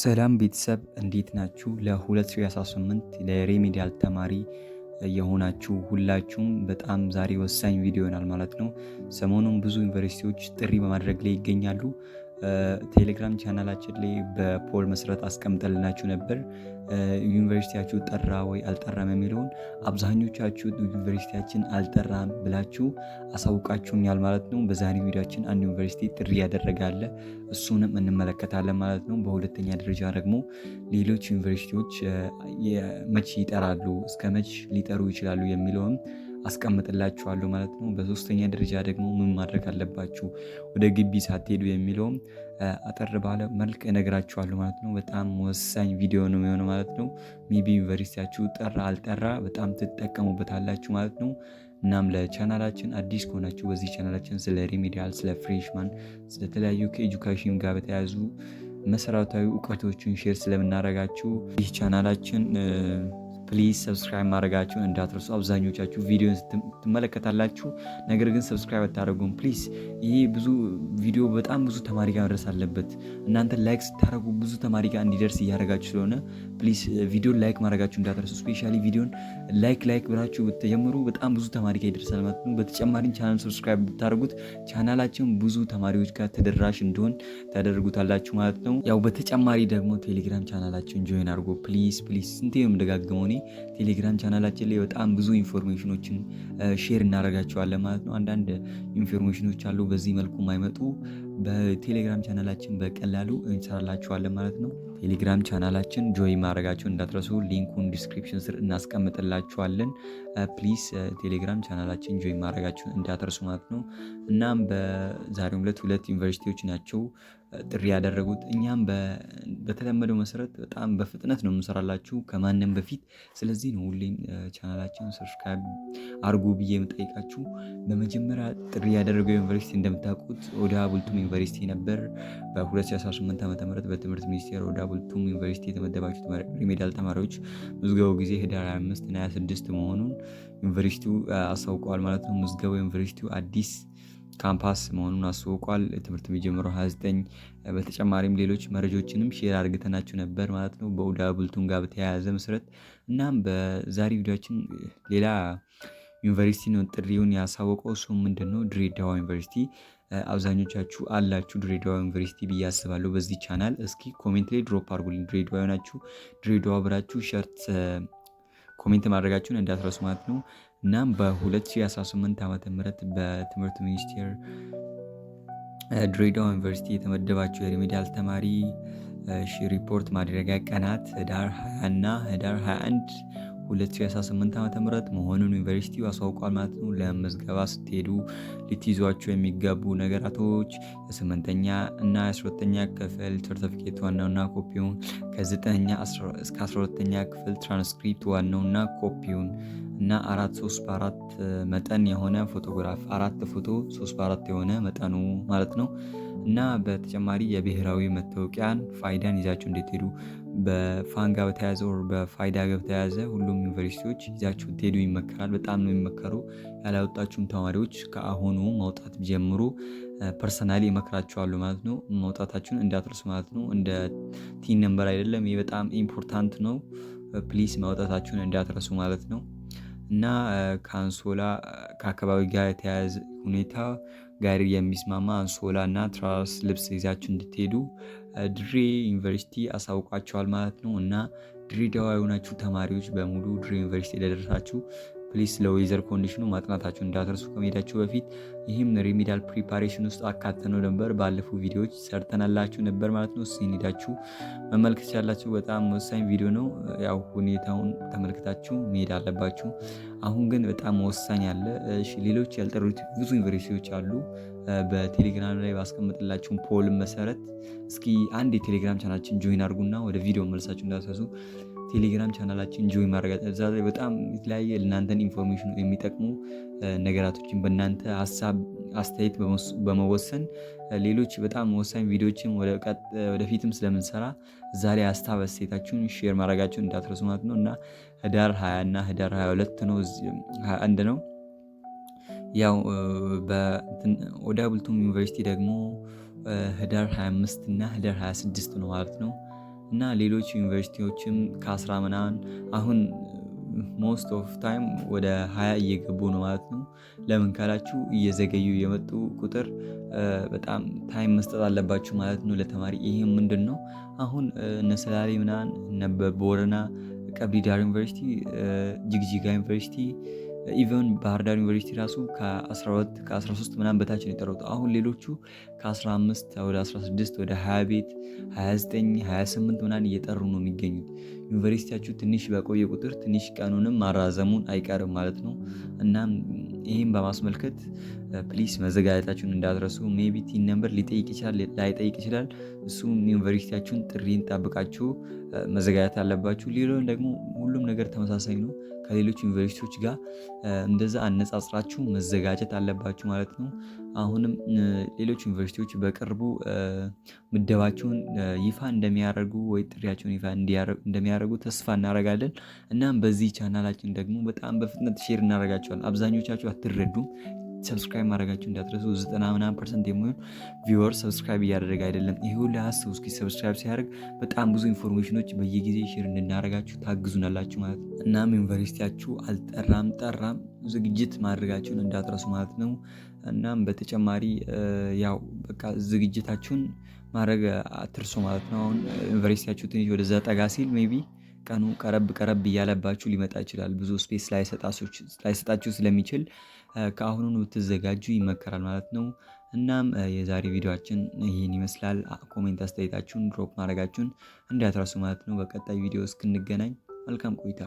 ሰላም ቤተሰብ እንዴት ናችሁ? ለ2018 ለሬሜዲያል ተማሪ የሆናችሁ ሁላችሁም በጣም ዛሬ ወሳኝ ቪዲዮ ይሆናል ማለት ነው። ሰሞኑን ብዙ ዩኒቨርሲቲዎች ጥሪ በማድረግ ላይ ይገኛሉ። ቴሌግራም ቻናላችን ላይ በፖል መሰረት አስቀምጠልናችሁ ነበር። ዩኒቨርሲቲያችሁ ጠራ ወይ አልጠራም የሚለውን አብዛኞቻችሁ ዩኒቨርሲቲያችን አልጠራም ብላችሁ አሳውቃችሁኛል ማለት ነው። በዛሬ ቪዲዮችን አንድ ዩኒቨርሲቲ ጥሪ ያደረጋለ እሱንም እንመለከታለን ማለት ነው። በሁለተኛ ደረጃ ደግሞ ሌሎች ዩኒቨርሲቲዎች መች ይጠራሉ፣ እስከ መች ሊጠሩ ይችላሉ የሚለውም አስቀምጥላችኋለሁ ማለት ነው። በሶስተኛ ደረጃ ደግሞ ምን ማድረግ አለባችሁ ወደ ግቢ ሳትሄዱ የሚለውም አጠር ባለ መልክ እነግራችኋለሁ ማለት ነው። በጣም ወሳኝ ቪዲዮ ነው የሚሆነው ማለት ነው። ሜቢ ዩኒቨርሲቲያችሁ ጠራ አልጠራ በጣም ትጠቀሙበታላችሁ ማለት ነው። እናም ለቻናላችን አዲስ ከሆናችሁ በዚህ ቻናላችን ስለ ሪሚዲያል፣ ስለ ፍሬሽማን፣ ስለተለያዩ ከኤጁካሽን ጋር በተያያዙ መሰረታዊ እውቀቶችን ሼር ስለምናደርጋችሁ ይህ ቻናላችን ፕሊዝ ሰብስክራይብ ማድረጋችሁን እንዳትረሱ። አብዛኞቻችሁ ቪዲዮን ትመለከታላችሁ፣ ነገር ግን ሰብስክራይብ አታደረጉም። ፕሊዝ ይህ ብዙ ቪዲዮ በጣም ብዙ ተማሪ ጋር መድረስ አለበት። እናንተ ላይክ ስታደረጉ ብዙ ተማሪ ጋር እንዲደርስ እያደረጋችሁ ስለሆነ ፕሊስ ቪዲዮን ላይክ ማድረጋችሁ እንዳትረሱ። ስፔሻሊ ቪዲዮን ላይክ ላይክ ብላችሁ ብትጀምሩ በጣም ብዙ ተማሪ ጋር ይደርሳል ማለት ነው። በተጨማሪም ቻናል ሰብስክራይብ ብታደርጉት ቻናላችን ብዙ ተማሪዎች ጋር ተደራሽ እንዲሆን ታደርጉታላችሁ ማለት ነው። ያው በተጨማሪ ደግሞ ቴሌግራም ቻናላችን ጆይን አድርጎ ፕሊዝ ፕሊዝ፣ ስንቴ የምደጋግመው እኔ ቴሌግራም ቻናላችን ላይ በጣም ብዙ ኢንፎርሜሽኖችን ሼር እናደርጋቸዋለን ማለት ነው። አንዳንድ ኢንፎርሜሽኖች አሉ በዚህ መልኩ የማይመጡ በቴሌግራም ቻናላችን በቀላሉ እንሰራላችኋለን ማለት ነው። ቴሌግራም ቻናላችን ጆይ ማድረጋችሁን እንዳትረሱ። ሊንኩን ዲስክሪፕሽን ስር እናስቀምጥላችኋለን። ፕሊስ ቴሌግራም ቻናላችን ጆይ ማድረጋችሁን እንዳትረሱ ማለት ነው። እናም በዛሬው ዕለት ሁለት ዩኒቨርሲቲዎች ናቸው ጥሪ ያደረጉት። እኛም በተለመደው መሰረት በጣም በፍጥነት ነው የምንሰራላችሁ ከማንም በፊት። ስለዚህ ነው ሁሌም ቻናላችን ሰብስክራይብ አርጉ ብዬ የምጠይቃችሁ። በመጀመሪያ ጥሪ ያደረገው ዩኒቨርሲቲ እንደምታውቁት ኦዳ ቡልቱም ዩኒቨርሲቲ ነበር። በ2018 ዓ ም በትምህርት ሚኒስቴር ኦዳ ቡልቱም ዩኒቨርሲቲ የተመደባቸው ሪሜዳል ተማሪዎች ምዝገባው ጊዜ ህዳር 25 እና 26 መሆኑን ዩኒቨርሲቲው አስታውቀዋል ማለት ነው። ምዝገባው ዩኒቨርሲቲው አዲስ ካምፓስ መሆኑን አስወቋል። ትምህርት የሚጀምረው 29 በተጨማሪም ሌሎች መረጃዎችንም ሼር አድርገናችሁ ነበር ማለት ነው በኡዳ ቡልቱን ጋር በተያያዘ መሰረት። እናም በዛሬ ቪዲዮችን ሌላ ዩኒቨርሲቲ ነው ጥሪውን ያሳወቀው። እሱ ምንድን ነው? ድሬዳዋ ዩኒቨርሲቲ። አብዛኞቻችሁ አላችሁ ድሬዳዋ ዩኒቨርሲቲ ብዬ አስባለሁ በዚህ ቻናል። እስኪ ኮሜንት ላይ ድሮፕ አድርጉልኝ ድሬዳዋ ናችሁ፣ ድሬዳዋ ብራችሁ ሸርት ኮሜንት ማድረጋችሁን እንዳትረሱ ማለት ነው። እናም በ2018 ዓ ም በትምህርት ሚኒስቴር ድሬዳዋ ዩኒቨርሲቲ የተመደባቸው የሪሜዲያል ተማሪ ሪፖርት ማድረጊያ ቀናት ህዳር 20 እና ህዳር 21 2018 ዓ.ም መሆኑን ዩኒቨርሲቲው አሳውቋል ማለት ነው። ለመዝገባ ስትሄዱ ልትይዟቸው የሚገቡ ነገራቶች የስምንተኛ እና የአስራሁለተኛ ክፍል ሰርተፊኬት ዋናውና ኮፒውን፣ ከዘጠነኛ እስከ አስራሁለተኛ ክፍል ትራንስክሪፕት ዋናውና ኮፒውን እና አራት ሶስት በአራት መጠን የሆነ ፎቶግራፍ አራት ፎቶ ሶስት በአራት የሆነ መጠኑ ማለት ነው እና በተጨማሪ የብሔራዊ መታወቂያን ፋይዳን ይዛችሁ ሄዱ በፋንጋ በተያዘ በተያያዘ በፋይዳ ገብ ተያዘ ሁሉም ዩኒቨርሲቲዎች ይዛችሁ ትሄዱ ይመከራል። በጣም ነው የሚመከሩ። ያላወጣችሁም ተማሪዎች ከአሁኑ ማውጣት ጀምሩ። ፐርሰናሊ እመክራችኋለሁ ማለት ነው። ማውጣታችሁን እንዳትርሱ ማለት ነው። እንደ ቲን ነንበር አይደለም። ይህ በጣም ኢምፖርታንት ነው። ፕሊስ ማውጣታችሁን እንዳትረሱ ማለት ነው። እና ከአንሶላ ከአካባቢ ጋር የተያያዘ ሁኔታ ጋር የሚስማማ አንሶላ እና ትራስ ልብስ ይዛችሁ እንድትሄዱ ድሬ ዩኒቨርሲቲ አሳውቋቸዋል ማለት ነው እና ድሬዳዋ የሆናችሁ ተማሪዎች በሙሉ ድሬ ዩኒቨርሲቲ ለደረሳችሁ ፕሊስ ለዌዘር ኮንዲሽኑ ማጥናታችሁ እንዳትረሱ ከመሄዳችሁ በፊት ይህም ሪሚዳል ፕሪፓሬሽን ውስጥ አካተነው ነበር። ባለፉ ቪዲዮዎች ሰርተናላችሁ ነበር ማለት ነው። ሲሄዳችሁ መመልከት ያላችሁ በጣም ወሳኝ ቪዲዮ ነው። ያው ሁኔታውን ተመልክታችሁ መሄድ አለባችሁ። አሁን ግን በጣም ወሳኝ ያለ ሌሎች ያልጠሩት ብዙ ዩኒቨርሲቲዎች አሉ። በቴሌግራም ላይ ባስቀምጥላችሁን ፖል መሰረት እስኪ አንድ የቴሌግራም ቻናችን ጆይን አድርጉና ወደ ቪዲዮ መልሳችሁ እንዳትረሱ ቴሌግራም ቻናላችን ጆይ ማድረጋት እዛ ላይ በጣም የተለያየ ለእናንተን ኢንፎርሜሽን የሚጠቅሙ ነገራቶችን በእናንተ ሀሳብ አስተያየት በመወሰን ሌሎች በጣም ወሳኝ ቪዲዮችን ወደፊትም ስለምንሰራ እዛ ላይ ሀሳብ አስተያየታችሁን ሼር ማድረጋችሁን እንዳትረሱ ማለት ነው እና ህዳር 20 እና ህዳር 22 ነው 21 ነው ያው ወደ ሀብልቱም ዩኒቨርሲቲ ደግሞ ህዳር 25 እና ህዳር 26 ነው ማለት ነው እና ሌሎች ዩኒቨርሲቲዎችም ከአስራ ምናምን አሁን ሞስት ኦፍ ታይም ወደ ሀያ እየገቡ ነው ማለት ነው። ለምን ካላችሁ እየዘገዩ የመጡ ቁጥር በጣም ታይም መስጠት አለባችሁ ማለት ነው ለተማሪ። ይህም ምንድን ነው አሁን እነ ሰላሌ ምናምን እነ ቦረና ቀብሪ ዩኒቨርሲቲ፣ ጅግጅጋ ዩኒቨርሲቲ ኢቨን ባህር ዳር ዩኒቨርሲቲ ራሱ ከ12 ከ13 ምናምን በታች ነው የጠረጡ። አሁን ሌሎቹ ከ15 ወደ 16 ወደ 20 ቤት 29 28 ምናምን እየጠሩ ነው የሚገኙት። ዩኒቨርሲቲያችሁ ትንሽ በቆየ ቁጥር ትንሽ ቀኑንም ማራዘሙን አይቀርም ማለት ነው። እናም ይህም በማስመልከት ፕሊስ መዘጋጀታችሁን እንዳትረሱ። ሜይ ቢ ቲን ነምበር ሊጠይቅ ይችላል፣ ላይጠይቅ ይችላል። እሱም ዩኒቨርሲቲያችሁን ጥሪን ጠብቃችሁ መዘጋጀት አለባችሁ። ሌሎን ደግሞ ሁሉም ነገር ተመሳሳይ ነው። ከሌሎች ዩኒቨርሲቲዎች ጋር እንደዛ አነጻጽራችሁ መዘጋጀት አለባችሁ ማለት ነው። አሁንም ሌሎች ዩኒቨርሲቲዎች በቅርቡ ምደባቸውን ይፋ እንደሚያደርጉ ወይ ጥሪያቸውን ይፋ እንደሚያደርጉ ተስፋ እናደርጋለን። እናም በዚህ ቻናላችን ደግሞ በጣም በፍጥነት ሼር እናደርጋቸዋለን። አብዛኞቻችሁ አትረዱም ሰብስክራይብ ማድረጋችሁ እንዳትረሱ። ዘጠና ምናምን ፐርሰንት የሚሆን ቪወር ሰብስክራይብ እያደረገ አይደለም። ይህ ሁሉ እስኪ ሰብስክራይብ ሲያደርግ በጣም ብዙ ኢንፎርሜሽኖች በየጊዜ ሽር እንድናደርጋችሁ ታግዙናላችሁ ማለት ነው። እናም ዩኒቨርሲቲያችሁ አልጠራም ጠራም ዝግጅት ማድረጋችሁን እንዳትረሱ ማለት ነው። እናም በተጨማሪ ያው በቃ ዝግጅታችሁን ማድረግ አትርሶ ማለት ነው። አሁን ዩኒቨርሲቲያችሁ ትንሽ ወደዛ ጠጋ ሲል ሜይ ቢ ቀኑ ቀረብ ቀረብ እያለባችሁ ሊመጣ ይችላል። ብዙ ስፔስ ላይሰጣችሁ ስለሚችል ከአሁኑን ብትዘጋጁ ይመከራል ማለት ነው። እናም የዛሬ ቪዲዮችን ይህን ይመስላል። ኮሜንት አስተያየታችሁን ድሮፕ ማድረጋችሁን እንዳትረሱ ማለት ነው። በቀጣይ ቪዲዮ እስክንገናኝ መልካም ቆይታ